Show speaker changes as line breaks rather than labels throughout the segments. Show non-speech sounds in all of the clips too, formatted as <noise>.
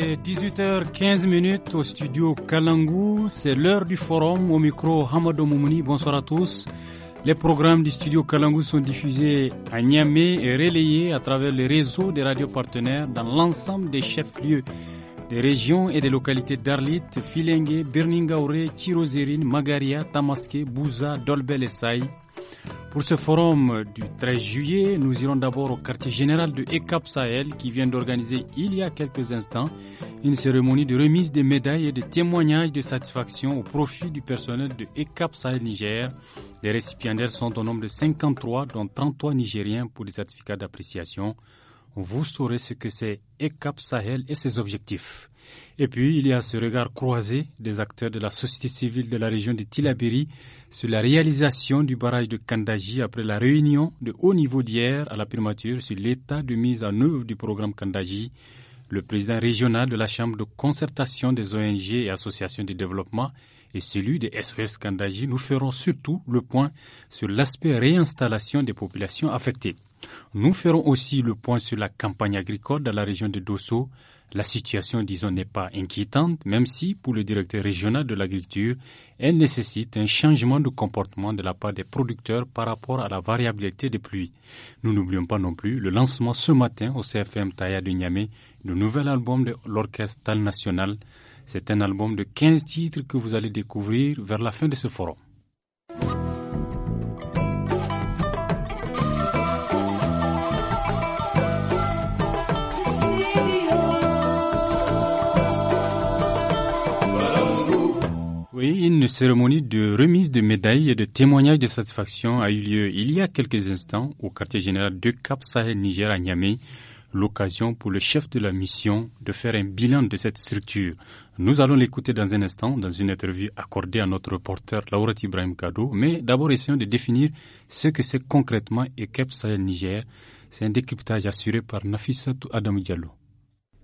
18h15 au studio Kalangou. C'est l'heure du forum au micro Hamadou Moumouni. Bonsoir à tous. Les programmes du studio Kalangou sont diffusés à Niamey et relayés à travers le réseau des radios partenaires dans l'ensemble des chefs-lieux des régions et des localités d'Arlit, Filengue, Birningaure, Tirozerine, Magaria, Tamaské, Bouza, Dolbel et Saï, pour ce forum du 13 juillet, nous irons d'abord au quartier général de ECAP Sahel qui vient d'organiser il y a quelques instants une cérémonie de remise des médailles et de témoignages de satisfaction au profit du personnel de ECAP Sahel Niger. Les récipiendaires sont au nombre de 53, dont 33 Nigériens pour des certificats d'appréciation. Vous saurez ce que c'est ECAP Sahel et ses objectifs. Et puis, il y a ce regard croisé des acteurs de la société civile de la région de Tilabiri sur la réalisation du barrage de Kandaji après la réunion de haut niveau d'hier à la primature sur l'état de mise en œuvre du programme Kandaji. Le président régional de la Chambre de concertation des ONG et associations de développement et celui des SOS Kandaji, nous ferons surtout le point sur l'aspect réinstallation des populations affectées. Nous ferons aussi le point sur la campagne agricole dans la région de Dosso, la situation, disons, n'est pas inquiétante, même si, pour le directeur régional de l'agriculture, elle nécessite un changement de comportement de la part des producteurs par rapport à la variabilité des pluies. Nous n'oublions pas non plus le lancement ce matin au CFM Taïa de Niamey du nouvel album de l'Orchestre National. C'est un album de 15 titres que vous allez découvrir vers la fin de ce forum. Oui, une cérémonie de remise de médailles et de témoignages de satisfaction a eu lieu il y a quelques instants au quartier général de Cap Sahel Niger à Niamey. L'occasion pour le chef de la mission de faire un bilan de cette structure. Nous allons l'écouter dans un instant dans une interview accordée à notre reporter Laurent Ibrahim Kado, mais d'abord essayons de définir ce que c'est concrètement Cap Sahel Niger. C'est un décryptage assuré par Nafissatou Adam Diallo.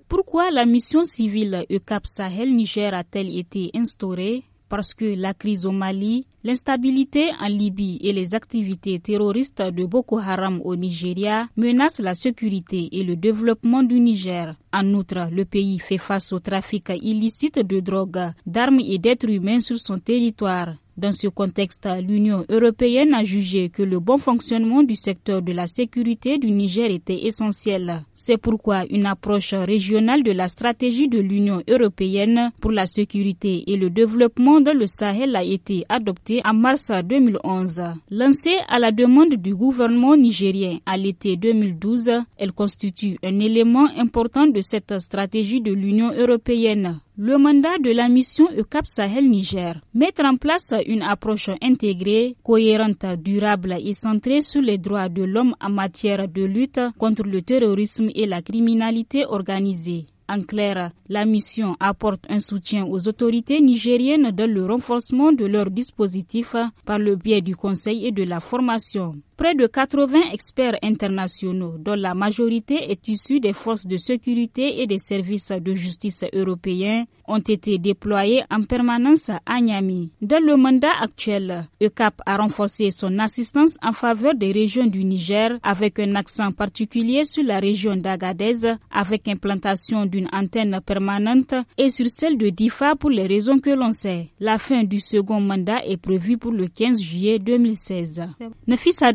Pourquoi la mission civile ECAP Sahel Niger a-t-elle été instaurée parce que la crise au Mali, l'instabilité en Libye et les activités terroristes de Boko Haram au Nigeria menacent la sécurité et le développement du Niger. En outre, le pays fait face au trafic illicite de drogue, d'armes et d'êtres humains sur son territoire. Dans ce contexte, l'Union européenne a jugé que le bon fonctionnement du secteur de la sécurité du Niger était essentiel. C'est pourquoi une approche régionale de la stratégie de l'Union européenne pour la sécurité et le développement dans le Sahel a été adoptée en mars 2011. Lancée à la demande du gouvernement nigérien à l'été 2012, elle constitue un élément important de cette stratégie de l'Union européenne. Le mandat de la mission ECAP Sahel-Niger, mettre en place une approche intégrée, cohérente, durable et centrée sur les droits de l'homme en matière de lutte contre le terrorisme et la criminalité organisée. En clair, la mission apporte un soutien aux autorités nigériennes dans le renforcement de leurs dispositifs par le biais du conseil et de la formation. Près de 80 experts internationaux, dont la majorité est issue des forces de sécurité et des services de justice européens, ont été déployés en permanence à Niamey. Dans le mandat actuel, ECAP a renforcé son assistance en faveur des régions du Niger avec un accent particulier sur la région d'Agadez avec implantation d'une antenne permanente et sur celle de Difa pour les raisons que l'on sait. La fin du second mandat est prévue pour le 15 juillet 2016.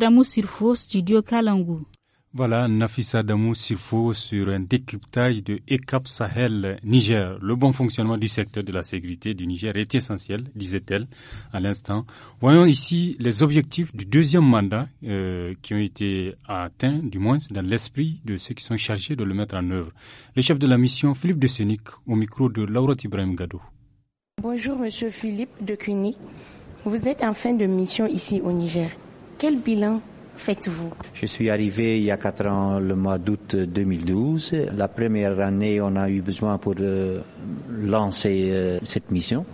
Damou Sirfo, Studio Kalangu.
Voilà, Nafisa Damou Sirfo sur un décryptage de ECAP Sahel Niger. Le bon fonctionnement du secteur de la sécurité du Niger est essentiel, disait-elle à l'instant. Voyons ici les objectifs du deuxième mandat euh, qui ont été atteints, du moins dans l'esprit de ceux qui sont chargés de le mettre en œuvre. Le chef de la mission, Philippe de Sénic, au micro de Laura Ibrahim Gadou.
Bonjour, monsieur Philippe de Cuny. Vous êtes en fin de mission ici au Niger. Quel bilan faites-vous
Je suis arrivé il y a quatre ans, le mois d'août 2012. La première année, on a eu besoin pour euh, lancer euh, cette mission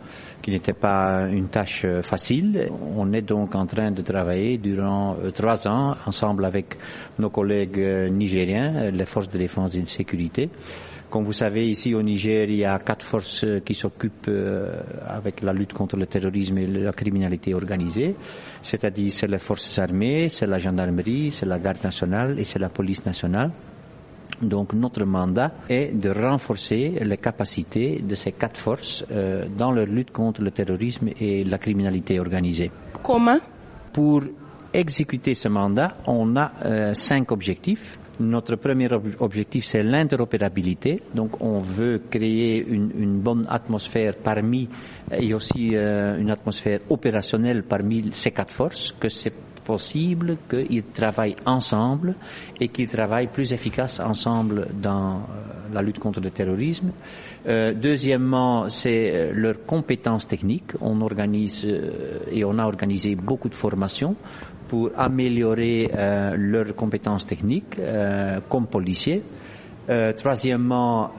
qui n'était pas une tâche euh, facile. On est donc en train de travailler durant trois ans ensemble avec nos collègues nigériens, les forces de défense et de sécurité. Comme vous savez, ici au Niger, il y a quatre forces qui s'occupent euh, avec la lutte contre le terrorisme et la criminalité organisée. C'est-à-dire, c'est les forces armées, c'est la gendarmerie, c'est la garde nationale et c'est la police nationale. Donc notre mandat est de renforcer les capacités de ces quatre forces euh, dans leur lutte contre le terrorisme et la criminalité organisée. Comment Pour exécuter ce mandat, on a euh, cinq objectifs. Notre premier objectif, c'est l'interopérabilité. Donc, on veut créer une, bonne atmosphère parmi, et aussi euh, une atmosphère opérationnelle parmi ces quatre forces, que c'est possible qu'ils travaillent ensemble et qu'ils travaillent plus efficaces ensemble dans euh, la lutte contre le terrorisme. Euh, deuxièmement, c'est leurs compétences techniques. On organise et on a organisé beaucoup de formations pour améliorer euh, leurs compétences techniques euh, comme policiers. Euh, troisièmement,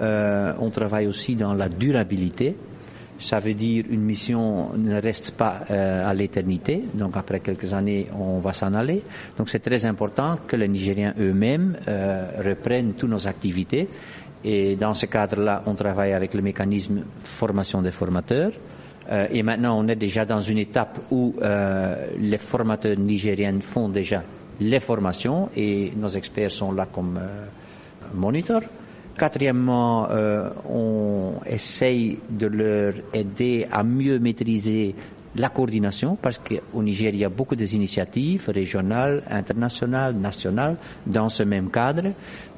on travaille aussi dans la durabilité. Ça veut dire une mission ne reste pas à l'éternité. Donc après quelques années, on va s'en aller. Donc c'est très important que les Nigériens eux-mêmes reprennent toutes nos activités. Et dans ce cadre-là, on travaille avec le mécanisme formation des formateurs. Euh, et maintenant, on est déjà dans une étape où euh, les formateurs nigériens font déjà les formations et nos experts sont là comme euh, moniteurs. Quatrièmement, on essaye de leur aider à mieux maîtriser la coordination, parce qu'au Niger, il y a beaucoup d'initiatives régionales, internationales, nationales, dans ce même cadre.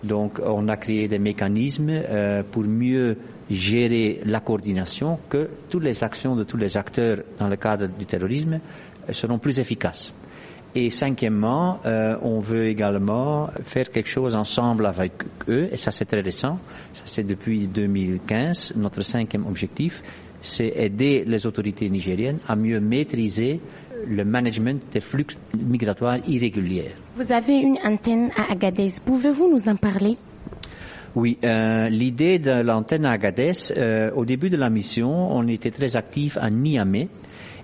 Donc, on a créé des mécanismes euh, pour mieux gérer la coordination que toutes les actions de tous les acteurs dans le cadre du terrorisme euh, seront plus efficaces. Et cinquièmement, euh, on veut également faire quelque chose ensemble avec eux, et ça c'est très récent, ça c'est depuis 2015, notre cinquième objectif, c'est aider les autorités nigériennes à mieux maîtriser le management des flux migratoires irréguliers.
Vous avez une antenne à Agadez, pouvez-vous nous en parler
oui, euh, l'idée de l'antenne Agadez, euh, au début de la mission, on était très actifs à Niamey.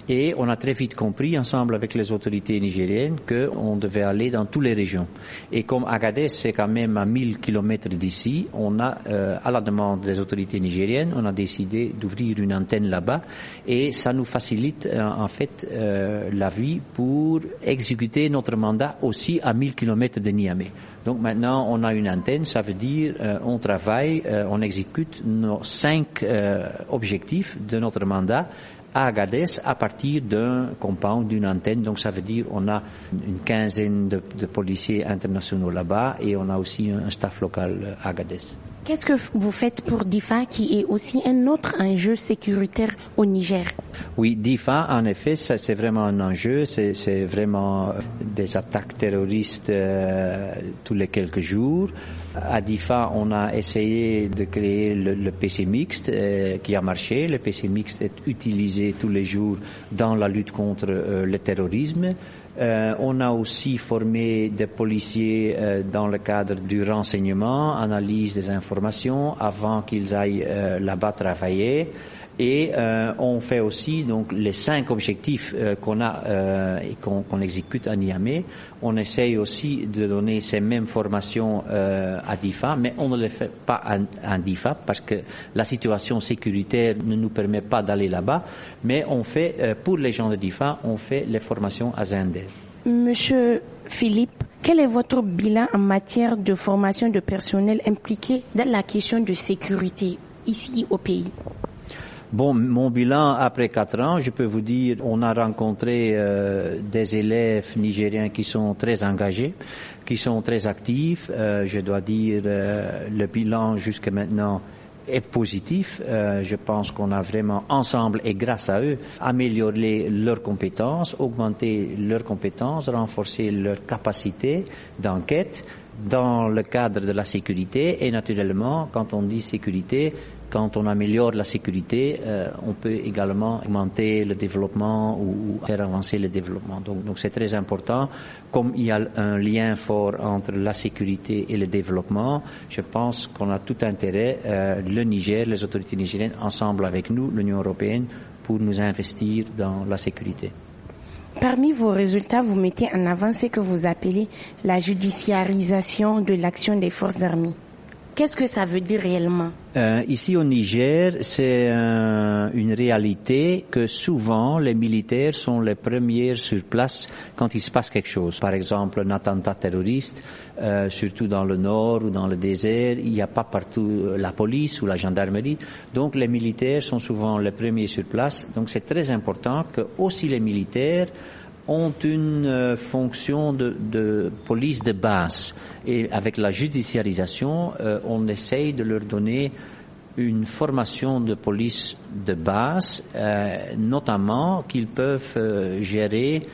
Et on a très vite compris, ensemble avec les autorités nigériennes, qu'on devait aller dans toutes les régions. Et comme Agadez, c'est quand même à 1000 kilomètres d'ici, on a, euh, à la demande des autorités nigériennes, on a décidé d'ouvrir une antenne là-bas. Et ça nous facilite, euh, en fait, la vie pour exécuter notre mandat aussi à 1000 kilomètres de Niamey. Donc maintenant, on a une antenne, ça veut dire euh, on travaille, euh, on exécute nos cinq euh, objectifs de notre mandat à Agadez à partir d'un compound, d'une antenne. Donc ça veut dire on a une quinzaine de, policiers internationaux là-bas et on a aussi un, un staff local à Agadez.
Qu'est-ce que vous faites pour DIFA qui est aussi un autre enjeu sécuritaire au Niger
Oui, DIFA, en effet, c'est vraiment un enjeu. C'est vraiment euh, des attaques terroristes euh, tous les quelques jours. À DIFA, on a essayé de créer le, PC mixte euh, qui a marché. Le PC mixte est utilisé tous les jours dans la lutte contre le terrorisme. Euh, on a aussi formé des policiers euh, dans le cadre du renseignement, analyse des informations avant qu'ils aillent euh, là-bas travailler. Et euh, on fait aussi donc les cinq objectifs euh, qu'on a euh, et qu'on exécute à Niamey. On essaye aussi de donner ces mêmes formations à DIFA, mais on ne les fait pas à, DIFA parce que la situation sécuritaire ne nous permet pas d'aller là-bas. Mais on fait pour les gens de DIFA, on fait les formations à Zinder.
Monsieur Philippe, quel est votre bilan en matière de formation de personnel impliqué dans la question de sécurité ici au pays
Bon, mon bilan après quatre ans, je peux vous dire, on a rencontré euh, des élèves nigériens qui sont très engagés, qui sont très actifs. Euh, je dois dire, euh, le bilan jusqu'à maintenant est positif. je pense qu'on a vraiment ensemble et grâce à eux amélioré leurs compétences, augmenté leurs compétences, renforcé leur capacité d'enquête dans le cadre de la sécurité. Et naturellement, quand on dit sécurité, quand on améliore la sécurité, euh, on peut également augmenter le développement ou, faire avancer le développement. Donc, c'est très important. Comme il y a un lien fort entre la sécurité et le développement, je pense qu'on a tout intérêt, euh, le Niger, les autorités nigériennes, ensemble avec nous, l'Union européenne, pour nous investir dans la sécurité.
Parmi vos résultats, vous mettez en avant ce que vous appelez la judiciarisation de l'action des forces armées. Qu'est-ce que ça veut dire réellement
euh, Ici au Niger, c'est euh, une réalité que souvent les militaires sont les premiers sur place quand il se passe quelque chose. Par exemple, un attentat terroriste, euh, surtout dans le nord ou dans le désert, il n'y a pas partout la police ou la gendarmerie. Donc les militaires sont souvent les premiers sur place. Donc c'est très important que aussi les militaires ont une euh, fonction de, police de base. Et avec la judiciarisation, euh, on essaye de leur donner une formation de police de base, euh, notamment qu'ils peuvent gérer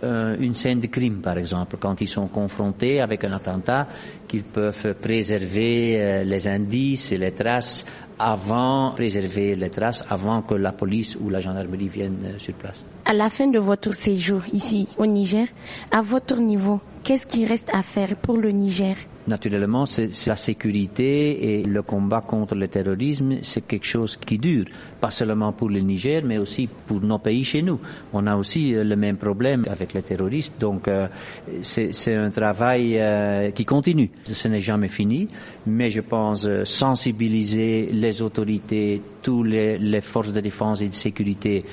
une scène de crime, par exemple, quand ils sont confrontés avec un attentat, qu'ils peuvent préserver les indices et les traces avant de préserver les traces, avant que la police ou la gendarmerie viennent euh, sur place.
À la fin de votre séjour ici au Niger, à votre niveau, qu'est-ce qui reste à faire pour le Niger
Naturellement, c'est la sécurité et le combat contre le terrorisme, c'est quelque chose qui dure, pas seulement pour le Niger, mais aussi pour nos pays chez nous. On a aussi euh, le même problème avec les terroristes, donc euh, c'est un travail euh, qui continue. Ce n'est jamais fini, mais je pense sensibiliser les autorités, toutes les, les forces de défense et de sécurité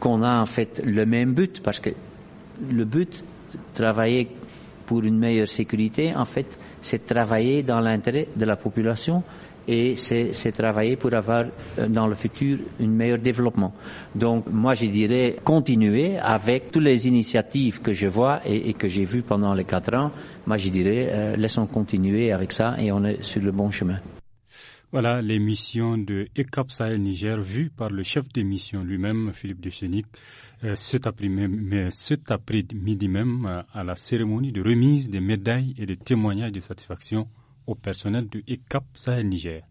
qu'on a en fait le même but, parce que le but, travailler pour une meilleure sécurité, en fait, c'est travailler dans l'intérêt de la population et c'est travailler pour avoir euh, dans le futur un meilleur développement. Donc moi je dirais continuer avec toutes les initiatives que je vois et, que j'ai vues pendant les quatre ans. Moi je dirais euh, laissons continuer avec ça et on est sur le bon chemin.
Voilà l'émission de ECAP Sahel Niger vue par le chef d'émission lui-même, Philippe Duchenic. Euh, cet après-midi même euh, à la cérémonie de remise des médailles et des témoignages de satisfaction au personnel du ECAP Sahel Niger.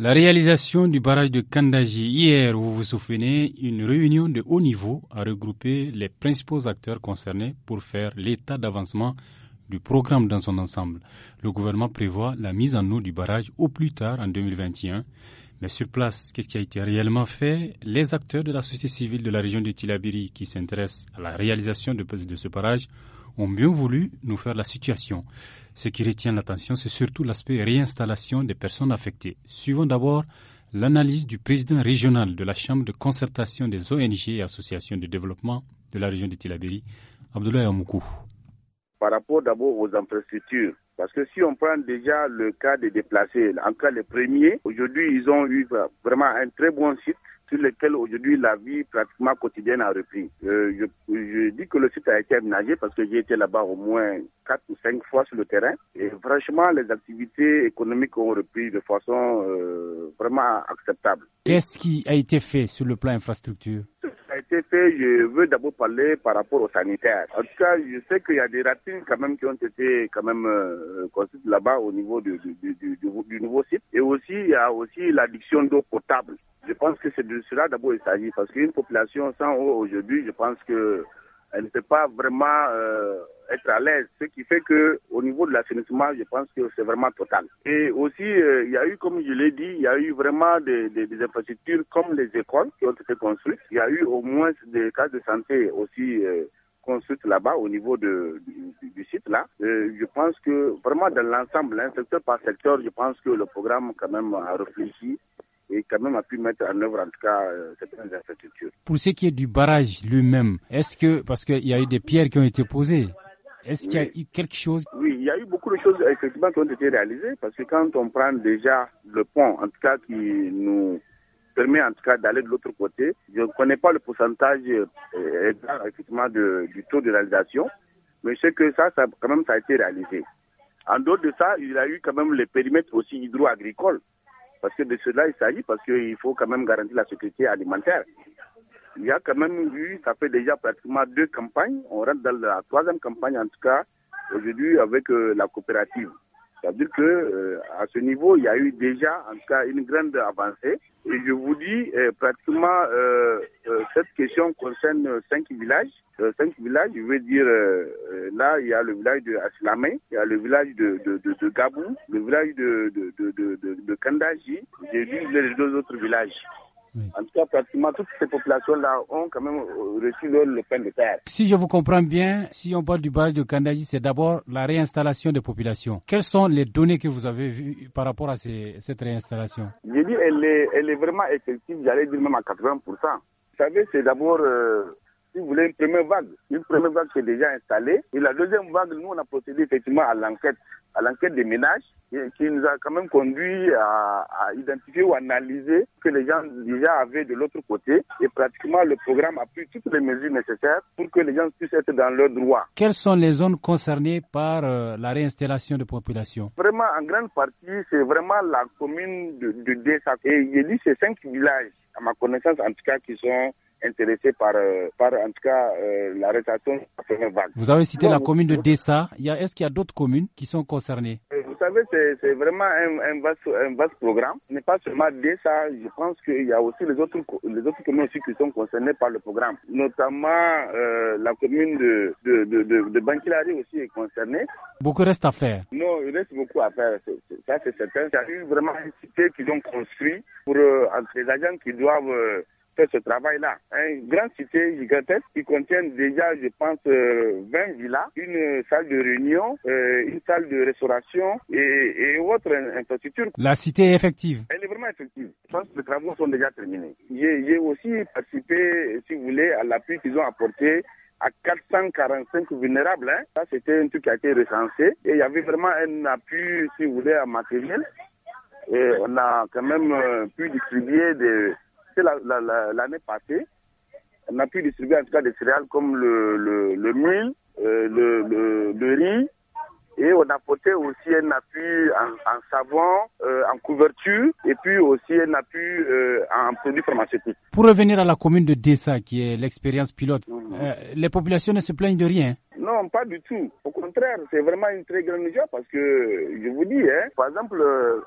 La réalisation du barrage de Kandaji hier, vous vous souvenez, une réunion de haut niveau a regroupé les principaux acteurs concernés pour faire l'état d'avancement du programme dans son ensemble. Le gouvernement prévoit la mise en eau du barrage au plus tard en 2021. Mais sur place, qu'est-ce qui a été réellement fait Les acteurs de la société civile de la région de Tilabiri qui s'intéressent à la réalisation de, de ce barrage ont bien voulu nous faire la situation. Ce qui retient l'attention, c'est surtout l'aspect réinstallation des personnes affectées. Suivons d'abord l'analyse du président régional de la Chambre de concertation des ONG et associations de développement de la région de Tilabéry, Abdoulaye Amoukou.
Par rapport d'abord aux infrastructures, parce que si on prend déjà le cas des déplacés, en cas les premiers, aujourd'hui ils ont eu vraiment un très bon site sur lesquels aujourd'hui la vie pratiquement quotidienne a repris. Euh, je, dis que le site a été aménagé parce que j'ai été là-bas au moins quatre ou cinq fois sur le terrain. Et franchement, les activités économiques ont repris de façon euh, vraiment acceptable.
Qu'est-ce qui a été fait sur le plan infrastructure
c'est fait, je veux d'abord parler par rapport au sanitaire. En tout cas, je sais qu'il y a des ratines quand même qui ont été quand même euh, construites là-bas au niveau du, nouveau site. Et aussi, il y a aussi l'addiction d'eau potable. Je pense que c'est de cela d'abord il s'agit parce qu'une population sans eau aujourd'hui, je pense que elle ne peut pas vraiment euh, être à l'aise, ce qui fait que au niveau de l'assainissement, je pense que c'est vraiment total. Et aussi, euh, il y a eu, comme je l'ai dit, il y a eu vraiment des, infrastructures comme les écoles qui ont été construites. Il y a eu au moins des cas de santé aussi. Euh, construites là-bas au niveau du, site là. je pense que vraiment dans l'ensemble, secteur par secteur, je pense que le programme quand même a réfléchi et quand même a pu mettre en œuvre en tout cas euh, certaines infrastructures.
Pour ce qui est du barrage lui-même, est-ce que, parce qu'il y a eu des pierres qui ont été posées, est-ce qu'il y a eu quelque chose
Oui, il y a eu beaucoup de choses effectivement qui ont été réalisées parce que quand on prend déjà le pont, en tout cas qui nous permet en tout cas d'aller de l'autre côté, je ne connais pas le pourcentage euh, effectivement du taux de réalisation, mais je sais que ça, ça quand même ça a été réalisé. En dehors de ça, il y a eu quand même les périmètres aussi hydro-agricoles parce que de cela, il s'agit parce qu'il faut quand même garantir la sécurité alimentaire. Il y a quand même eu, ça fait déjà pratiquement deux campagnes. On rentre dans la troisième campagne, en tout cas, aujourd'hui, avec euh, la coopérative. C'est-à-dire que euh, à ce niveau, il y a eu déjà en tout cas une grande avancée. Et je vous dis, euh, pratiquement, euh, cette question concerne cinq villages. cinq villages, je veux dire, là, il y a le village de Aslamé, il y a le village de, de, Gabou, le village de, de, de, de, de Kandaji, j'ai les deux autres villages. En tout cas, pratiquement toutes ces populations-là ont quand même euh, reçu le pain de terre.
Si je vous comprends bien, si on parle du barrage de Kandaji, c'est d'abord la réinstallation des populations. Quelles sont les données que vous avez vues par rapport à cette réinstallation
Je dis, elle est, vraiment effective, j'allais dire même à 80%. Vous savez, c'est d'abord... Euh, si vous voulez, une première vague. Une première vague qui est déjà installée. Et la deuxième vague, nous, on a procédé effectivement à l'enquête à l'enquête des ménages qui nous a quand même conduit à, identifier ou analyser que les gens déjà avaient de l'autre côté. Et pratiquement, le programme a pris toutes les mesures nécessaires pour que les gens puissent être dans leurs droits.
Quelles sont les zones concernées par euh, la réinstallation de population
Vraiment, en grande partie, c'est vraiment la commune de, de Et il y a ces cinq villages, à ma connaissance en tout cas, qui sont intéressés par, euh, par en tout cas, euh, l'arrestation
Vous avez cité la commune de euh, Dessa. Est-ce qu'il y a d'autres communes qui sont concernées
Vous savez, c'est vraiment un, vaste, un Ce programme. pas seulement Dessa, je pense qu'il y a aussi les autres, les autres communes aussi qui sont concernées par le programme. Notamment la commune de, de, de, de, aussi est concernée.
Beaucoup reste à faire.
Non, il reste beaucoup à faire. ça, c'est certain. Il y a eu vraiment une cité qu'ils ont construit pour les agents qui doivent ce travail-là. Un grand cité gigantesque qui contient déjà, je pense, 20 euh, villas, une salle de réunion, euh, une salle de restauration et, et autres
La cité est effective.
Elle est vraiment effective. Je pense que les travaux sont déjà terminés. J'ai aussi participé, si vous voulez, à l'appui qu'ils ont apporté à 445 vulnérables. Hein. Ça, c'était un truc qui a été recensé. Et il y avait vraiment un appui, si vous voulez, en matériel. Et on a quand même euh, pu distribuer des l'année passée, on a pu distribuer en tout cas des céréales comme le, le, le euh, le, le riz, et on apportait aussi un appui en, savon, euh, en couverture et puis aussi un appui euh, en produits pharmaceutiques.
Pour revenir à la commune de Dessa, qui est l'expérience pilote, mhm. euh, les populations ne se plaignent de rien.
Non, pas du tout. Au contraire, c'est vraiment une très grande joie parce que, je vous dis, hein, par exemple,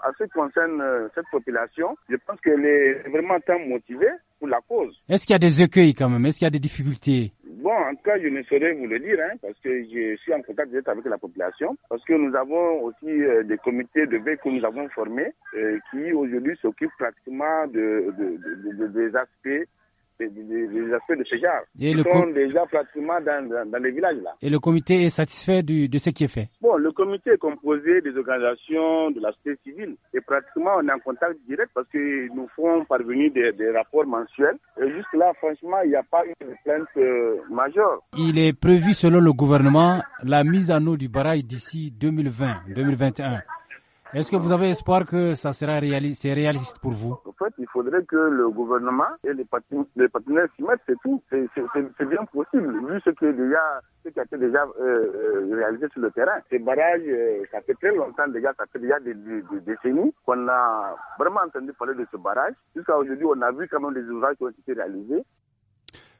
à euh, ce qui concerne cette population, je pense qu'elle est vraiment tant motivée pour la cause.
Est-ce qu'il y a des écueils quand même Est-ce qu'il y a des difficultés
Bon, en tout cas, je ne saurais vous le dire, hein, parce que je suis en contact direct avec la population, parce que nous avons aussi euh, des comités de veille que nous avons formés, euh, qui aujourd'hui s'occupent pratiquement des aspects des aspects de ce genre. Et Ils sont déjà pratiquement dans, dans, les villages là.
Et le comité est satisfait de ce qui est fait
Bon, le comité est composé des organisations de la société civile et pratiquement on est en contact direct parce qu'ils nous font parvenir des, des rapports mensuels. Et jusque-là, franchement, il n'y a pas une plainte euh, majeure.
Il est prévu, selon le gouvernement, la mise en eau du barrage d'ici 2020-2021. Est-ce que vous avez espoir que ça sera réaliste, c'est réaliste pour vous En
fait, il faudrait que le gouvernement et les, partenaires, les partenaires s'y mettent, c'est tout. C'est bien possible, vu ce qui est déjà, ce qui a été déjà euh, euh, réalisé sur le terrain. Ces barrages, euh, ça fait très longtemps déjà, ça fait déjà des, des, des décennies qu'on a vraiment entendu parler de ce barrage. Jusqu'à aujourd'hui, on a vu quand même des ouvrages qui ont été réalisés.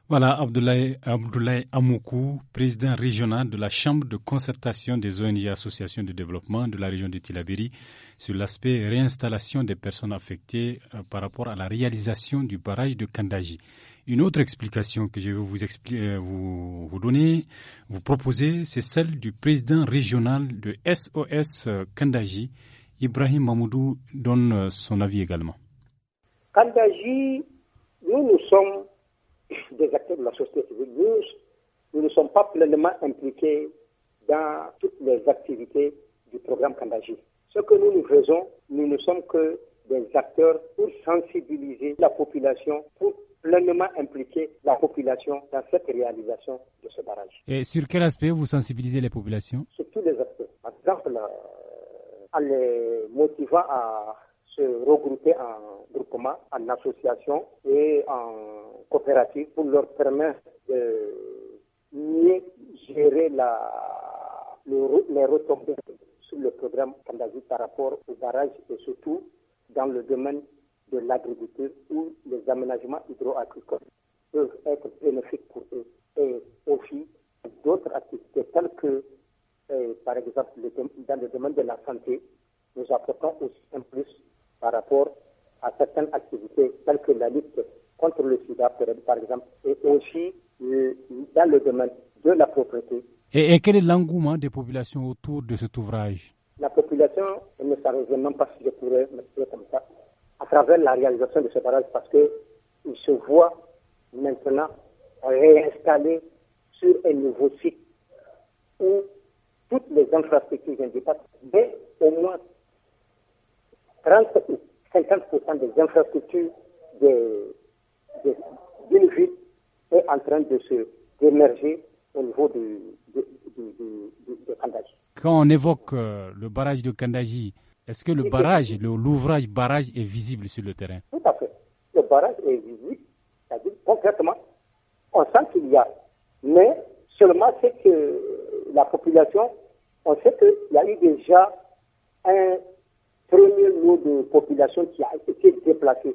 Voilà Abdoulaye, Abdoulaye Amoukou, président régional de la Chambre de concertation des ONG associations de développement de la région de Tilabiri, sur l'aspect réinstallation des personnes affectées euh, par rapport à la réalisation du barrage de Kandaji. Une autre explication que je vais vous, euh, vous, vous donner, vous proposer, c'est celle du président régional de SOS euh, Kandaji, Ibrahim Mamoudou, donne son avis également.
Kandaji, nous nous sommes des acteurs de la société civile, nous, nous ne sommes pas pleinement impliqués dans toutes les activités du programme Kandaji. Ce que nous nous faisons, nous ne sommes que des acteurs pour sensibiliser la population, pour pleinement impliquer la population dans cette réalisation de ce barrage.
Et sur quel aspect vous sensibilisez les populations
Sur tous les aspects. Par exemple, euh, en les motivant à se regrouper en groupement, en association et en coopérative pour leur permettre de mieux gérer la, les retombées sur le programme Kandazi par rapport au barrage et surtout dans le domaine de l'agriculture où les aménagements hydroagricoles peuvent être bénéfiques pour eux et aussi d'autres activités telles que, euh, par exemple, dans le domaine de la santé, nous apportons aussi un plus par rapport à certaines activités telles que la lutte contre le sida, par exemple, et aussi euh, dans le domaine de la propriété.
Et, quel est l'engouement des populations autour de cet ouvrage
La population ne s'arrête même pas, si je pourrais m'exprimer comme ça, à travers la réalisation de ce barrage, parce qu'il se voit maintenant réinstallé sur un nouveau site où toutes les infrastructures, indépendantes, ne au moins 30 50% des infrastructures de, de, d'une ville est en train de se d'émerger au niveau de, de, de Kandaji.
Quand on évoque euh, le barrage de Kandaji, est-ce que le barrage, le, l'ouvrage barrage est visible sur le terrain Tout à fait.
Le barrage est visible, c'est-à-dire concrètement, on sent qu'il y a. Mais seulement c'est que la population, on sait qu'il y a eu déjà un premier lot de population qui a été déplacé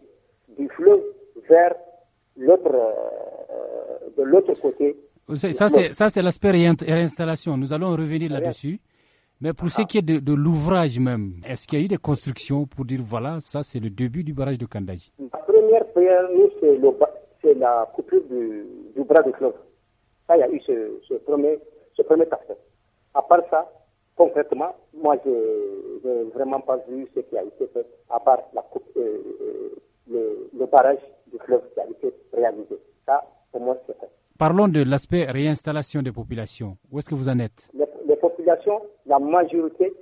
du fleuve vers l'autre, euh, de l'autre côté. Ça, c'est, ça,
c'est l'aspect réinstallation. Nous allons revenir là-dessus. Mais pour ce ah. qui est de, l'ouvrage même, est-ce qu'il y a eu des constructions pour dire voilà, ça c'est le début du barrage de Kandaji
La première c'est, la coupure du, bras de fleuve. Ça, il y a eu ce, ce premier, ce À part ça, concrètement, moi, je n'ai vraiment pas vu ce qui a été fait, à part euh, euh, le, barrage du fleuve qui a été réalisé. Ça, pour moi, c'est fait.
Parlons de l'aspect réinstallation des populations. Où est-ce que vous en êtes
les, populations, la majorité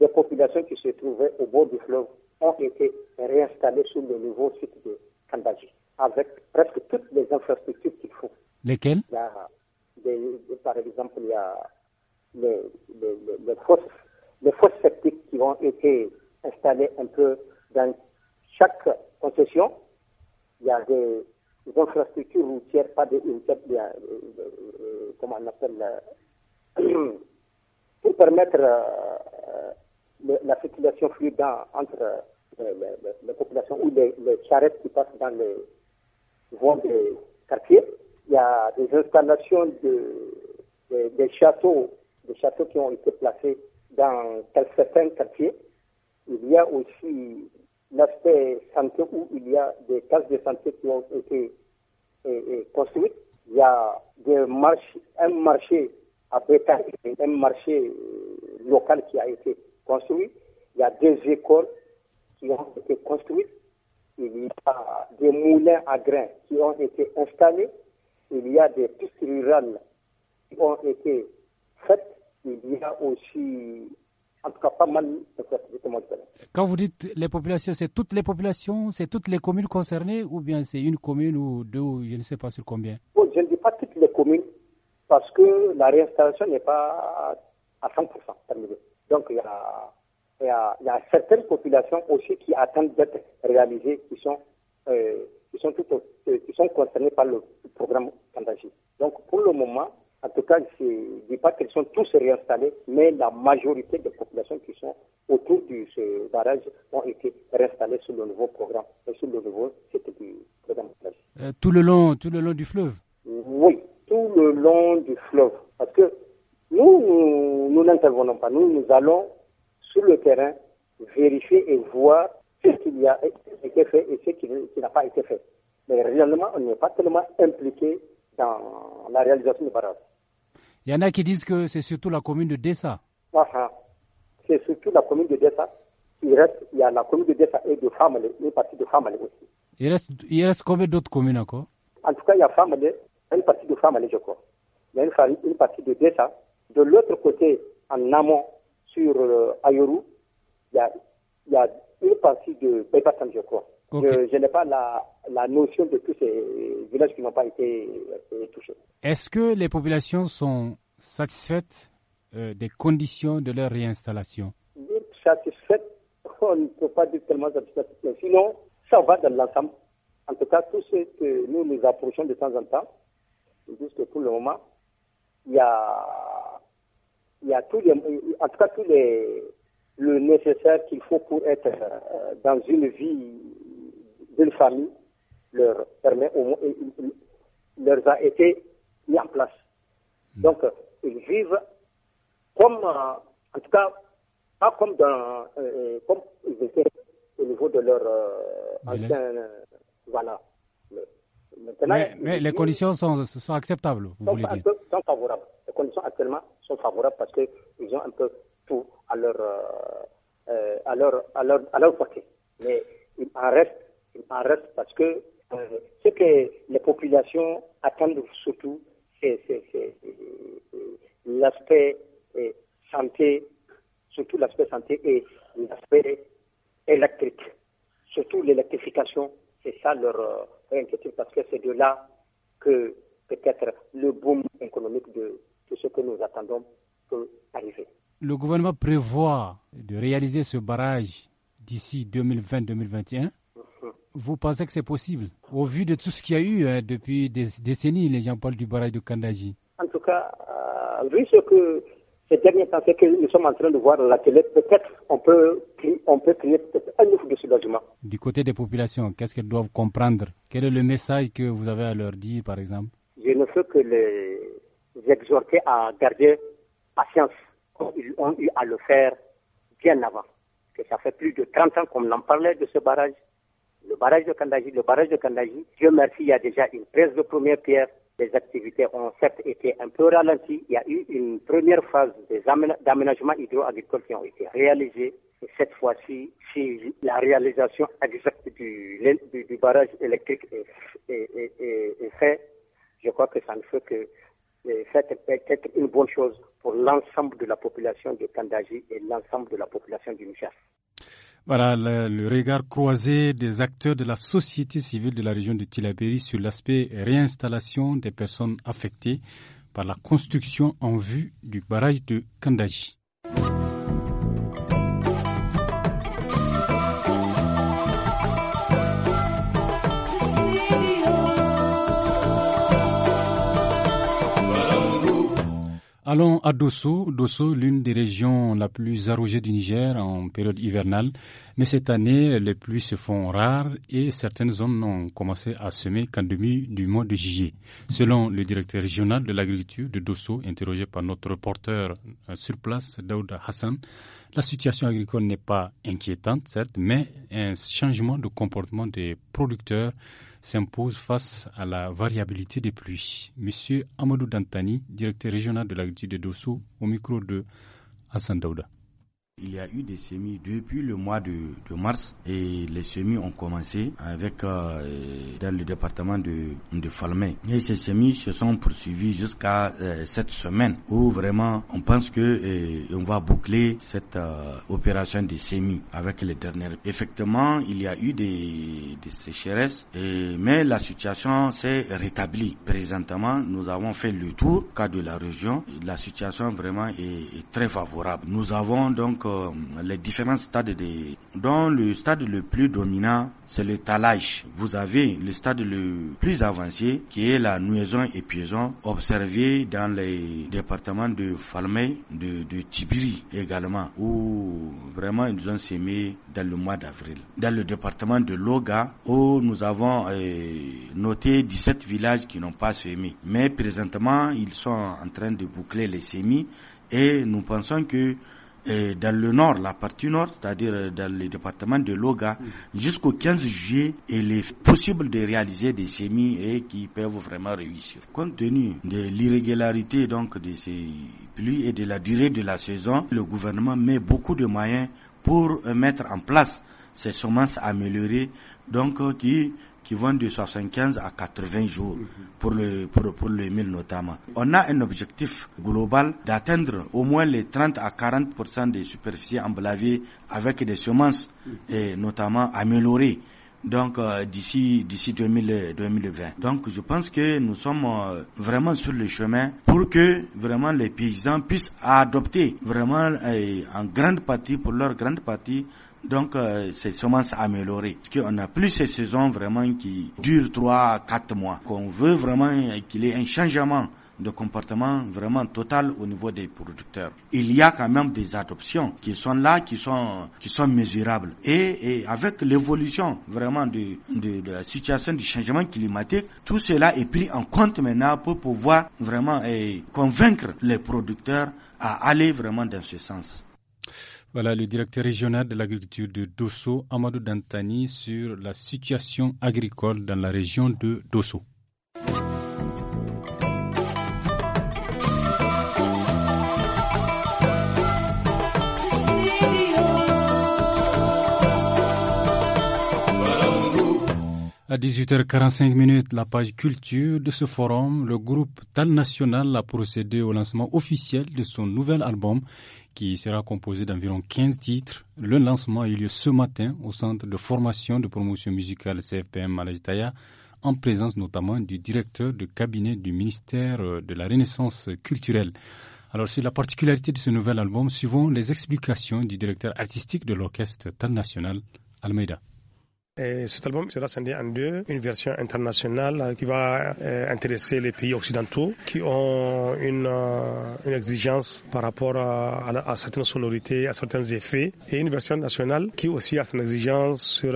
des populations qui se trouvaient au bord du fleuve ont été réinstallées sur le nouveau site de Kandaji, avec presque toutes les infrastructures qu'il faut. Lesquelles Par exemple, il y a les fosses sceptiques qui ont été installées un peu dans chaque concession. Il y a des, infrastructures routières, pas des routières, euh, euh, comment on appelle, <clears throat> pour permettre euh, euh, la circulation fluide entre les populations, ou les, charrettes qui passent dans les voies des quartiers. Il y a des installations de des châteaux des châteaux qui ont été placés dans certains quartiers. Il y a aussi l'aspect santé où il y a des cases de santé qui ont été euh, euh, construites. Il y a des marchés, un marché à bétail, un marché euh, local qui a été construit. Il y a des écoles qui ont été construites. Il y a des moulins à grains qui ont été installés. Il y a des pistes rurales qui ont été faites il y a aussi, en tout cas, pas mal de
Quand vous dites les populations, c'est toutes les populations, c'est toutes les communes concernées, ou bien c'est une commune ou deux, je ne sais pas sur combien
Je ne dis pas toutes les communes, parce que la réinstallation n'est pas à 100% terminée. Donc, il y a certaines populations aussi qui attendent d'être réalisées, qui sont, euh, sont euh, qui sont concernées par le programme Donc, pour le moment, en tout cas, je ne dis pas qu'ils sont tous réinstallés, mais la majorité des populations qui sont autour de ce barrage ont été réinstallées sur le nouveau programme, sur le nouveau du programme.
Euh, tout, le long, tout le long du fleuve
Oui, tout le long du fleuve. Parce que nous, nous n'intervenons pas. Nous, nous allons sur le terrain vérifier et voir ce qui a été fait et ce qui, qui n'a pas été fait. Mais réellement, on n'est pas tellement impliqué dans la réalisation du barrage.
Il y en a qui disent que c'est surtout la commune de Dessa.
Ah, c'est surtout la commune de Dessa. Il reste, y a la commune de Dessa et de Famale, une partie de Famale aussi.
Il reste, il reste combien d'autres communes encore
En tout cas, il y a Famale, une partie de Famale, je crois. Il y a une, partie de Dessa. De l'autre côté, en amont, sur euh, Ayoru, il y a, y a une partie de Bébassan, je crois. je n'ai pas la, la notion de tous ces villages qui n'ont pas été euh, touchés.
Est-ce que les populations sont satisfaites euh, des conditions de leur réinstallation
Satisfaites, on ne peut pas dire tellement satisfaites. Sinon, ça va dans l'ensemble. En tout cas, tout ce que nous nous approchons de temps en temps, que pour le moment, il y a, y a tout cas le nécessaire qu'il faut pour être euh, dans une vie d'une famille leur permet au euh, euh, a été mis en place. Hmm. Donc, ils vivent comme, euh, en tout cas, pas comme dans, comme ils étaient au niveau de leur ancien, voilà. Maintenant, mais, les conditions
sont, sont acceptables, vous voulez dire
Sont favorables. Les conditions actuellement sont favorables parce qu'ils ont un peu tout à leur, à leur, à leur, à Mais il en reste, il reste parce que euh, ce que les populations attendent surtout, c'est euh, l'aspect euh, santé, surtout l'aspect santé et l'aspect électrique. Surtout l'électrification, c'est ça leur inquiétude parce que c'est de là que peut-être le boom économique de, de ce que nous attendons peut
arriver.
Le gouvernement prévoit de réaliser ce barrage d'ici 2020-2021 vous pensez que c'est possible Au vu de tout ce qu'il y a eu euh, depuis des décennies, les gens parlent du barrage de Kandaji.
En tout cas, euh, vu ce que ces derniers temps, c'est que nous sommes en train de voir la télé, peut-être on peut, on peut créer un nouveau de logement.
Du côté des populations, qu'est-ce qu'elles doivent comprendre Quel est le message que vous avez à leur
dire, par exemple Je ne veux que les exhorter à garder patience. Ils ont eu à le faire bien avant. Que ça fait plus de 30 ans qu'on en parlait de ce barrage le barrage de Kandaji, le barrage de Kandaji, Dieu merci, il y a déjà une prise de première pierre. Les activités ont certes été un peu ralenties. Il y a eu une première phase d'aménagement hydro-agricole qui ont été réalisées. cette fois-ci, si la réalisation exacte du, barrage électrique est, faite, je crois que ça ne fait que euh, peut être une bonne chose pour l'ensemble de la population de Kandaji et l'ensemble de la population du Niger
voilà, le, regard croisé des acteurs de la société civile de la région de Tilabéry sur l'aspect réinstallation des personnes affectées par la construction en vue du barrage de Kandaji. Allons à Dosso. Dosso, l'une des régions la plus arrogée du Niger en période hivernale. Mais cette année, les pluies se font rares et certaines zones n'ont commencé à semer qu'en demi du mois de juillet. Selon le directeur régional de l'agriculture de Dosso, interrogé par notre reporter euh, sur place, Daoud Hassan, la situation agricole n'est pas inquiétante, certes, mais un changement de comportement des producteurs s'impose face à la variabilité des pluies. Monsieur Amadou Dantani, directeur régional de l'agriculture de Dosso, au micro
de Hassan Daouda. Il y a eu des semis depuis le mois de, mars et les semis ont commencé avec euh, dans le département de, de Et ces semis se sont poursuivis jusqu'à euh, cette semaine où vraiment on pense que euh, on va boucler cette opération de semis avec les dernières. Effectivement, il y a eu des de sécheresse. Et, mais la situation s'est rétablie. Présentement, nous avons fait le tour, cas de la région. La situation vraiment est, très favorable. Nous avons donc euh, les différents stades de, dont le stade le plus dominant c'est le talage. Vous avez le stade le plus avancé qui est la nuaison et piaison observée dans les départements de Falmey, de, de Tibiri également, où vraiment ils ont semé dans le mois d'avril. Dans le département de Loga, où nous avons euh, noté 17 villages qui n'ont pas semé. Mais présentement, ils sont en train de boucler les semis et nous pensons que et dans le nord, la partie nord, c'est-à-dire euh, dans le département de Loga, jusqu'au 15 juillet, il est possible de réaliser des semis et qui peuvent vraiment réussir. Compte tenu de l'irrégularité donc de ces pluies et de la durée de la saison, le gouvernement met beaucoup de moyens pour euh, mettre en place ces semences améliorées, donc euh, qui qui vont de 75 à 80 jours pour le, pour, pour le mil notamment. On a un objectif global d'atteindre au moins les 30 à 40% des superficies emblavées avec des semences et notamment améliorées. Donc euh, d'ici d'ici 2020. Donc je pense que nous sommes euh, vraiment sur le chemin pour que vraiment les paysans puissent adopter vraiment euh, en grande partie pour leur grande partie donc, euh, c'est seulement s'améliorer. Parce qu'on n'a plus ces saisons vraiment qui durent 3 à 4 mois. Qu'on veut vraiment euh, qu'il y ait un changement de comportement vraiment total au niveau des producteurs. Il y a quand même des adoptions qui sont là, qui sont, qui sont mesurables. Et, et avec l'évolution vraiment de, de, la situation du changement climatique, tout cela est pris en compte maintenant pour pouvoir vraiment convaincre les producteurs à aller vraiment dans ce sens.
Voilà le directeur régional de l'agriculture de Dosso, Amadou Dantani, sur la situation agricole dans la région de Dosso. À 18h45 la page culture de ce forum, le groupe Tal National a procédé au lancement officiel de son nouvel album qui sera composé d'environ 15 titres. Le lancement a eu lieu ce matin au Centre de formation de promotion musicale CFPM Malajitaya, en présence notamment du directeur de cabinet du ministère euh, de la Renaissance culturelle. Alors, sur la particularité de ce nouvel album, suivons les explications du directeur artistique de l'orchestre TAN National, Almeida.
Et cet album sera scindé en deux, une version internationale euh, qui va euh, intéresser les pays occidentaux qui ont une, euh, exigence par rapport à, certaines sonorités, à certains effets, et une version nationale qui aussi a son exigence sur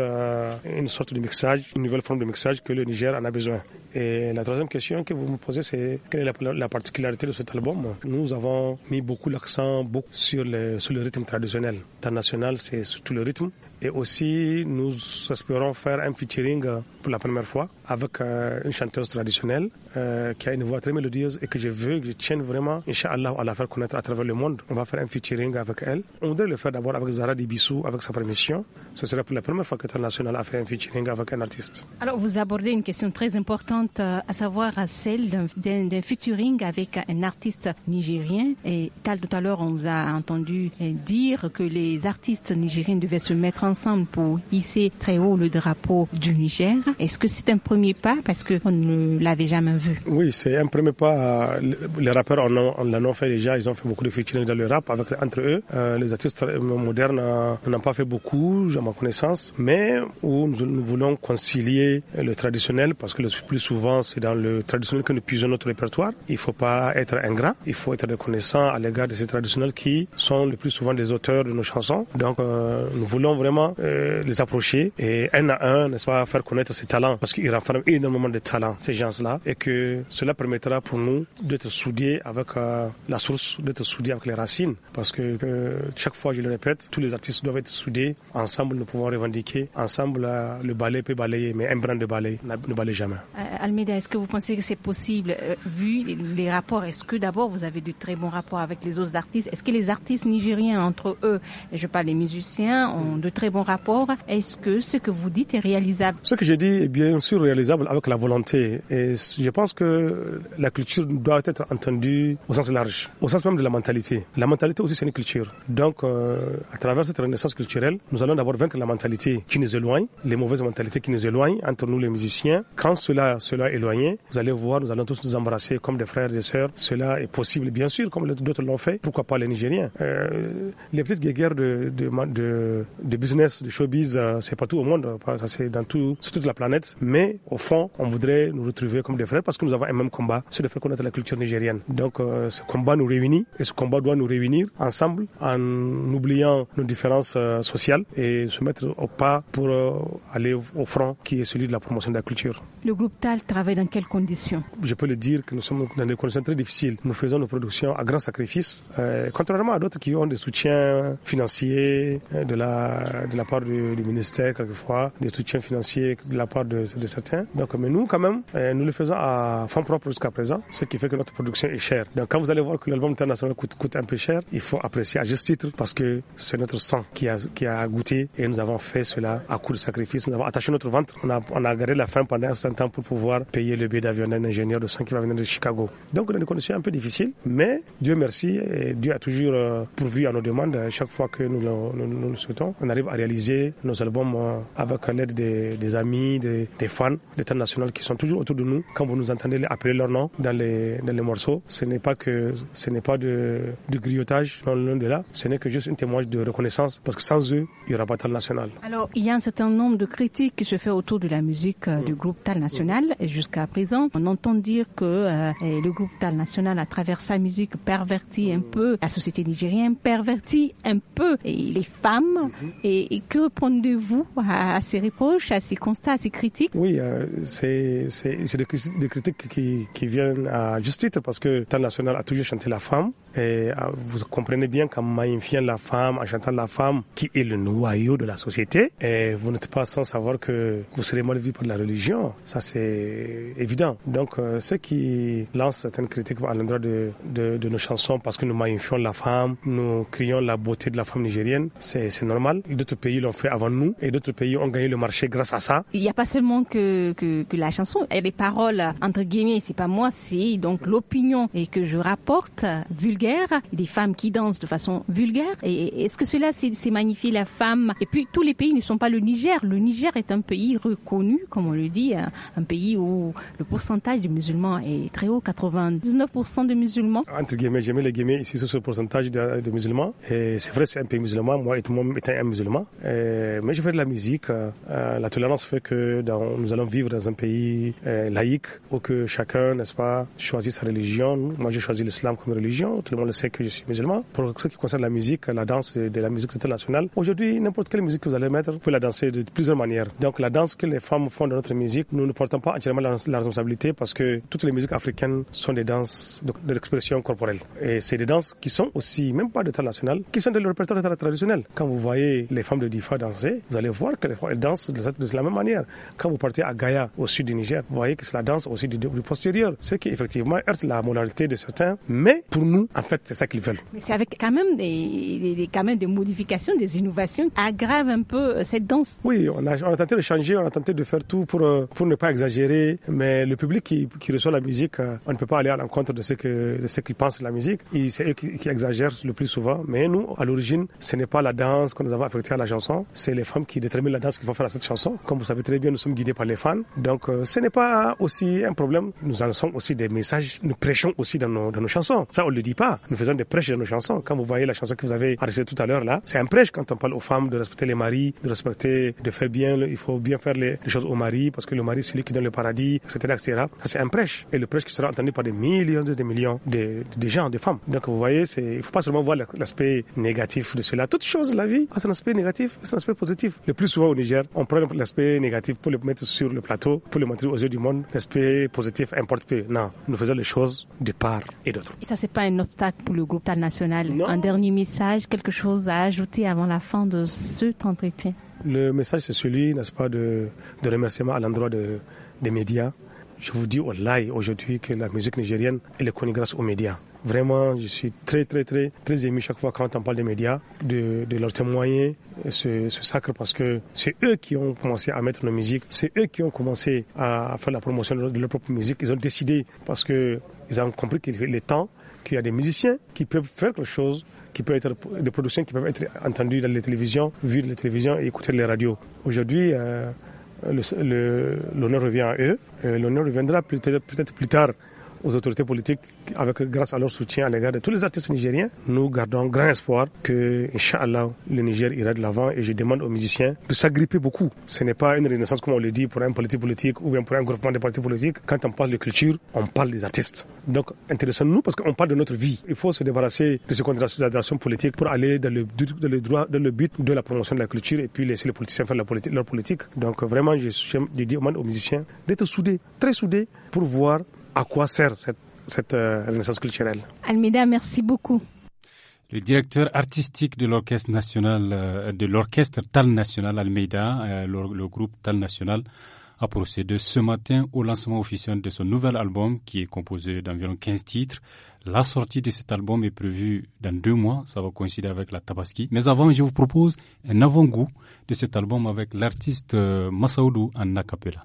une sorte de mixage, une nouvelle forme de mixage que le Niger en a besoin. Et la troisième question que vous me posez, c'est quelle est la, particularité de cet album Nous avons mis beaucoup l'accent sur, le, sur le rythme traditionnel. International, c'est surtout le rythme. Et aussi, nous espérons faire un featuring euh, pour la première fois avec euh, une chanteuse traditionnelle euh, qui a une voix très mélodieuse et que je veux que je tienne vraiment, Inch'Allah, à la faire connaître à travers le monde. On va faire un featuring avec elle. On voudrait le faire d'abord avec Zara Dibissou, avec sa permission. Ce serait pour la première fois que national a fait un featuring avec un artiste.
Alors, vous abordez une question très importante, à savoir celle d'un featuring avec un artiste nigérien. Et tout à l'heure, on vous a entendu dire que les artistes nigériens devaient se mettre en ensemble pour hisser très haut le drapeau du Niger. Est-ce que c'est un premier pas parce qu'on ne l'avait jamais
vu Oui, c'est un premier pas. Euh, les rappeurs, on, ont fait déjà. Ils ont fait beaucoup de featuring dans le rap avec, entre eux. Euh, les artistes euh, modernes n'ont pas fait beaucoup, à ma connaissance. Mais où nous, voulons concilier le traditionnel parce que le plus souvent, c'est dans le traditionnel que nous puisons notre répertoire. Il ne faut pas être ingrat. Il faut être reconnaissant à l'égard de ces traditionnels qui sont le plus souvent des auteurs de nos chansons. Donc, nous voulons vraiment euh, les approcher et un à un, n'est-ce pas, faire connaître ces talents parce qu'ils renferment énormément de talents, ces gens-là, et que cela permettra pour nous d'être soudés avec euh, la source, d'être soudés avec les racines parce que euh, chaque fois, je le répète, tous les artistes doivent être soudés. Ensemble, nous pouvons revendiquer. Ensemble, le ballet peut balayer, mais un brin de ballet ne balaye jamais.
Almeda est-ce que vous pensez que c'est possible, vu les rapports Est-ce que d'abord, vous avez de très bons rapports avec les autres artistes Est-ce que les artistes nigériens entre eux, je parle des musiciens, ont mm. de très bon rapport. Est-ce que ce que vous dites est réalisable Ce que
j'ai dit est bien sûr réalisable avec la volonté. Et je pense que la culture doit être entendue au sens large, au sens même de la mentalité. La mentalité aussi, c'est une culture. Donc, euh, à travers cette renaissance culturelle, nous allons d'abord vaincre la mentalité qui nous éloigne, les mauvaises mentalités qui nous éloignent entre nous les musiciens. Quand cela, cela est éloigné, vous allez voir, nous allons tous nous embrasser comme des frères et des sœurs. Cela est possible, bien sûr, comme d'autres l'ont fait. Pourquoi pas les Nigériens euh, Les petites guerres de, de business business du showbiz, euh, c'est partout au monde, euh, ça c'est dans tout, sur toute la planète. Mais au fond, on voudrait nous retrouver comme des frères parce que nous avons un même combat, c'est de faire connaître la culture nigérienne. Donc euh, ce combat nous réunit et ce combat doit nous réunir ensemble en oubliant nos différences sociales et se mettre au pas pour aller au front qui est celui de la promotion de la culture.
Le groupe TAL travaille dans quelles conditions
Je peux le dire que nous sommes dans des conditions très difficiles. Nous faisons nos productions à grand sacrifice, contrairement à d'autres qui ont des soutiens financiers, de la de la part du, ministère quelquefois, des soutiens financiers de la part de, certains. Donc, mais nous, quand même, euh, nous le faisons à fond propre jusqu'à présent, ce qui fait que notre production est chère. Donc, quand vous allez voir que l'album international coûte, coûte un peu cher, il faut apprécier à juste titre parce que c'est notre sang qui a, qui a goûté et nous avons fait cela à coup de sacrifice. Nous avons attaché notre ventre. On a, on a gardé la faim pendant un certain temps pour pouvoir payer le billet d'avion d'un ingénieur de sang qui va venir de Chicago. Donc, dans des conditions un peu difficiles, mais Dieu merci, et Dieu a toujours euh, pourvu à nos demandes. Hein. Chaque fois que nous le, nous, nous le souhaitons, on arrive à réaliser, nos albums euh, avec l'aide des, amis, des, des fans National qui sont toujours autour de nous. Quand vous nous entendez appeler leur nom dans les, les morceaux, ce n'est pas que ce n'est pas de, de griotage, le nom de là. Ce n'est que juste un témoignage de reconnaissance parce que sans eux, il n'y aura pas Tal National.
Alors, il y a un certain nombre de critiques qui se font autour de la musique euh, du mm. groupe Tal National et jusqu'à présent, on entend dire que euh, le groupe Tal National, à travers sa musique, pervertit un mm. peu la société nigérienne, pervertit un peu les femmes mm-hmm. et et, que répondez-vous à, ces reproches, à ces constats, à ces critiques
Oui, euh, c'est des, critiques qui, qui viennent à juste titre parce que national a toujours chanté la femme. Et eh, ah, vous comprenez bien qu'en magnifiant la femme, en chantant la femme, qui est le noyau de la société, et eh, vous n'êtes pas sans savoir que vous serez mal vu par la religion. Ça, c'est évident. Donc, euh, ceux qui lancent certaines critiques à l'endroit de, de, nos chansons parce que nous magnifions la femme, nous crions la beauté de la femme nigérienne, c'est normal. D'autres pays l'ont fait avant nous et d'autres pays ont gagné le marché grâce à ça.
Il n'y a pas seulement que, que, que la chanson, et les paroles, entre guillemets, c'est pas moi, c'est donc l'opinion et que je rapporte vulgairement des femmes qui dansent de façon vulgaire. Et est-ce que cela, c'est magnifier la femme Et puis, tous les pays ne sont pas le Niger. Le Niger est un pays reconnu, comme on le dit, un, pays où le pourcentage de musulmans est très haut, 99% de musulmans.
Entre guillemets, j'aime les guillemets ici sur ce pourcentage de, musulmans. Et c'est vrai, c'est un pays musulman. Moi, étant un musulman, mais je fais de la musique. Euh, euh, la tolérance fait que dans, nous allons vivre dans un pays euh, laïque où que chacun, n'est-ce pas, choisit sa religion. Moi, j'ai choisi l'islam comme religion le sait que je suis musulman. Pour ce qui concerne la musique, la danse, de la musique internationale, aujourd'hui, n'importe quelle musique que vous allez mettre, vous pouvez la danser de plusieurs manières. Donc la danse que les femmes font dans notre musique, nous ne portons pas entièrement la, responsabilité parce que toutes les musiques africaines sont des danses de, l'expression corporelle. Et c'est des danses qui sont aussi, même pas nationales, qui sont de le répertoire traditionnel. Quand vous voyez les femmes de Difa danser, vous allez voir que les femmes dansent de, la même manière. Quand vous partez à Gaïa, au sud du Niger, vous voyez que c'est la danse aussi du, du postérieur, ce qui effectivement heurte la moralité de certains. Mais pour nous, en fait, c'est ça qu'ils veulent.
Mais c'est avec quand même des, des, quand même des modifications, des innovations qui aggravent un peu euh,
cette danse. Oui, on a, tenté de changer, on a tenté de faire tout pour, euh, pour ne pas exagérer, mais le public qui, qui reçoit la musique, euh, on ne peut pas aller à l'encontre de ce que de ce qu'ils pensent de la musique. C'est eux qui, exagèrent le plus souvent, mais nous, à l'origine, ce n'est pas la danse que nous avons affectée à la chanson, c'est les femmes qui déterminent la danse qu'ils vont faire à cette chanson. Comme vous savez très bien, nous sommes guidés par les fans, donc ce n'est pas aussi un problème. Nous en sommes aussi des messages, nous prêchons aussi dans nos, dans nos chansons. Ça, on ne le dit pas nous faisons des prêches dans nos chansons. Quand vous voyez la chanson que vous avez arrêtée tout à l'heure là, c'est un prêche quand on parle aux femmes de respecter les maris, de respecter, de faire bien, il faut bien faire les, choses aux maris parce que le mari c'est lui qui donne le paradis, etc., etc. Ça c'est un prêche et le prêche qui sera entendu par des millions, et des millions de, gens, de femmes. Donc vous voyez, c'est, il faut pas seulement voir l'aspect négatif de cela. Toute chose, la vie, a son aspect négatif, son aspect positif. Le plus souvent au Niger, on prend l'aspect négatif pour le mettre sur le plateau, pour le montrer aux yeux du monde. L'aspect positif importe peu. Non, nous faisons les choses de part et d'autre.
Et ça c'est pas un autre pour le groupe national. Un dernier message, quelque chose à ajouter avant la fin de cet entretien
Le message, c'est celui, n'est-ce pas, de, remerciement à l'endroit des médias. Je vous dis, au live aujourd'hui, que la musique nigérienne, elle est connue grâce aux médias. Vraiment, je suis très, très, très, très ému chaque fois quand on parle des médias, de, leurs témoignages, ce, sacre, parce que c'est eux qui ont commencé à mettre nos musiques. c'est eux qui ont commencé à faire la promotion de leur, propre musique. Ils ont décidé, parce qu'ils ont compris qu'il est temps qu'il y a des musiciens qui peuvent faire quelque chose qui peuvent être des productions qui peuvent être entendues dans les télévisions, vues dans la télévisions et écoutées les radios. Aujourd'hui, euh, l'honneur revient à eux. Euh, l'honneur reviendra peut-être plus tard aux autorités politiques, avec, grâce à leur soutien à l'égard de tous les artistes nigériens. Nous gardons grand espoir que, Inch'Allah, le Niger ira de l'avant et je demande aux musiciens de s'agripper beaucoup. Ce n'est pas une renaissance, comme on le dit, pour un parti politique ou bien pour un groupement de partis politiques. Quand on parle de culture, on parle des artistes. Donc, intéressons-nous parce qu'on parle de notre vie. Il faut se débarrasser de ces qu'on politiques pour aller dans le, dans dans le but de la promotion de la culture et puis laisser les politiciens faire leur politique. Leur politique. Donc, vraiment, je, je, je aux musiciens d'être soudés, très soudés, pour voir à quoi sert cette, cette euh, renaissance culturelle.
Almeida, merci beaucoup.
Le
directeur artistique de l'orchestre national, euh, de l'orchestre Tal National Almeida, euh, le, groupe Tal National, a procédé ce matin au lancement officiel de son nouvel album qui est composé d'environ 15 titres. La sortie de cet album est prévue dans deux mois, ça va coïncider avec la Tabaski. Mais avant, je vous propose un avant-goût de cet album avec l'artiste Masaoudou en acapella.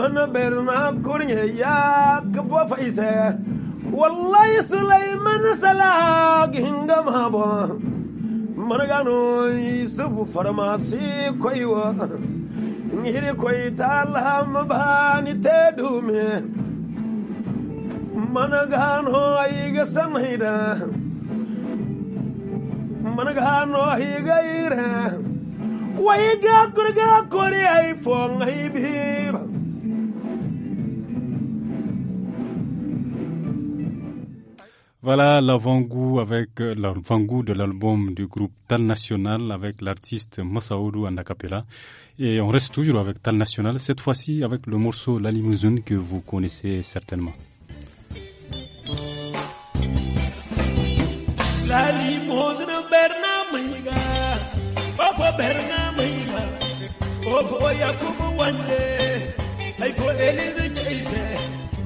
mana berna kurnyaya kabo faise wallahi sulayman salag hingamabo managano yusufu farmasi koywa ngiri koyta alham bani tedume managano ayiga samhida managano ayiga ire wayga kurga kori ay fong ay
Voilà l'avant-goût avec euh, l'avant-goût de l'album du groupe Tal National avec l'artiste Massaoudou Andakapela. Et on reste toujours avec Tal National, cette fois-ci avec le morceau La Limousine que vous connaissez certainement.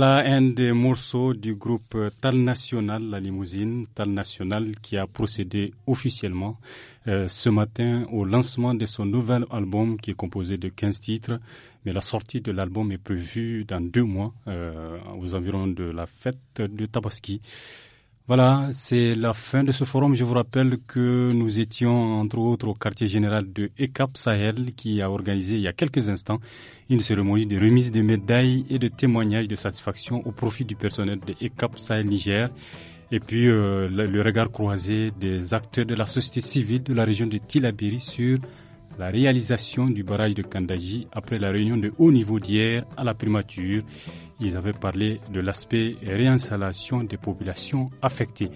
Voilà un des morceaux du groupe Tal National, la limousine Tal National, qui a procédé officiellement euh, ce matin au lancement de son nouvel album qui est composé de 15 titres. Mais la sortie de l'album est prévue dans deux mois, euh, aux environs de la fête de Tabaski. Voilà, c'est la fin de ce forum. Je vous rappelle que nous étions entre autres au quartier général de ECAP Sahel qui a organisé il y a quelques instants une cérémonie de remise de médailles et de témoignages de satisfaction au profit du personnel de ECAP Sahel Niger. Et puis euh, le, regard croisé des acteurs de la société civile de la région de Tilabiri sur la réalisation du barrage de Kandaji après la réunion de haut niveau d'hier à la primature. Ils avaient parlé de l'aspect réinstallation des populations affectées.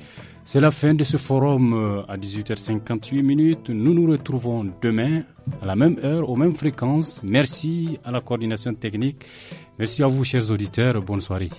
C'est la fin de ce forum euh, à 18h58 Nous nous retrouvons demain à la même heure, aux mêmes fréquences. Merci à la coordination technique. Merci à vous, chers auditeurs. Bonne soirée.